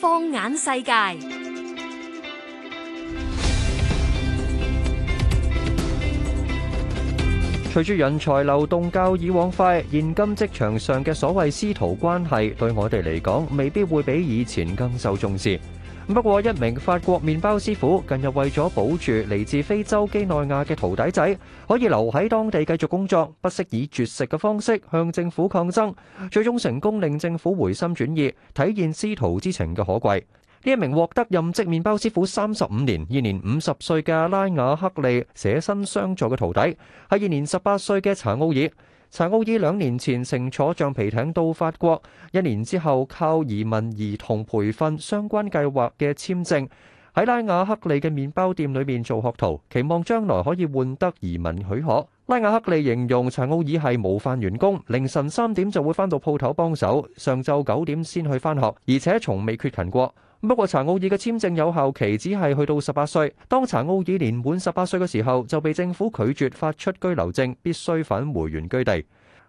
放眼世界，隨住人才流動較以往快，現今職場上嘅所謂師徒關係，對我哋嚟講，未必會比以前更受重視。不過一名法國麵包師傅近日為咗保住嚟自非洲幾內亞嘅徒弟仔，可以留喺當地繼續工作，不惜以絕食嘅方式向政府抗爭，最終成功令政府回心轉意，體現師徒之情嘅可貴。呢一名獲得任職麵包師傅三十五年、現年五十歲嘅拉雅克利捨身相助嘅徒弟，係現年十八歲嘅查奧爾。柴奧爾兩年前乘坐橡皮艇到法國，一年之後靠移民兒童培訓相關計劃嘅簽證，喺拉雅克利嘅麵包店裏面做學徒，期望將來可以換得移民許可。拉雅克利形容柴奧爾係模範員工，凌晨三點就會返到鋪頭幫手，上晝九點先去返學，而且從未缺勤過。不過，查奧爾嘅簽證有效期只係去到十八歲。當查奧爾年滿十八歲嘅時候，就被政府拒絕發出居留證，必須返回原居地。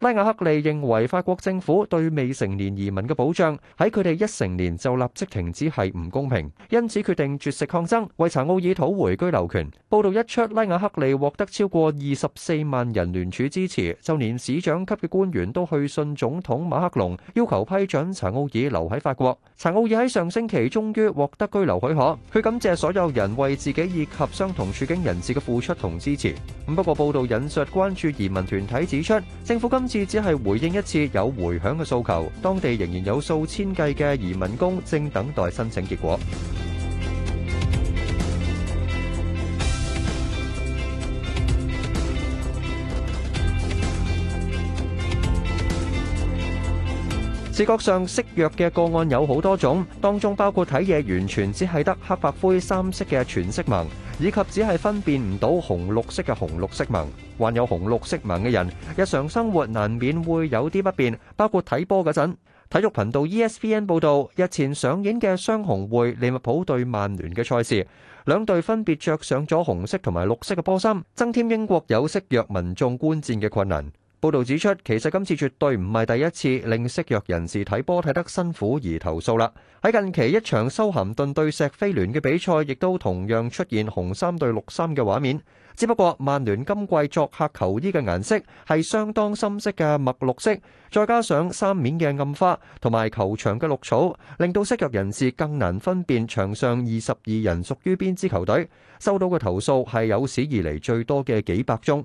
拉雅克利認為法國政府對未成年移民嘅保障喺佢哋一成年就立即停止係唔公平，因此決定絕食抗爭，為查奧爾討回居留權。報道一出，拉雅克利獲得超過二十四萬人聯署支持，就連市長級嘅官員都去信總統馬克龍，要求批准查奧爾留喺法國。查奧爾喺上星期終於獲得居留許可，佢感謝所有人為自己以及相同處境人士嘅付出同支持。咁不過報道引述關注移民團體指出，政府今次只係回應一次有迴響嘅訴求，當地仍然有數千計嘅移民工正等待申請結果。視覺上色弱嘅個案有好多種，當中包括睇嘢完全只係得黑白灰三色嘅全色盲，以及只係分辨唔到紅綠色嘅紅綠色盲。患有紅綠色盲嘅人，日常生活難免會有啲不便，包括睇波嗰陣。體育頻道 ESPN 報道，日前上演嘅雙紅會利物浦對曼聯嘅賽事，兩隊分別着上咗紅色同埋綠色嘅波衫，增添英國有色弱民眾觀戰嘅困難。報道指出，其實今次絕對唔係第一次令色弱人士睇波睇得辛苦而投訴啦。喺近期一場修咸頓對石飛聯嘅比賽，亦都同樣出現紅三對綠三嘅畫面。只不過曼聯今季作客球衣嘅顏色係相當深色嘅墨綠色，再加上衫面嘅暗花同埋球場嘅綠草，令到色弱人士更難分辨場上二十二人屬於邊支球隊。收到嘅投訴係有史以嚟最多嘅幾百宗。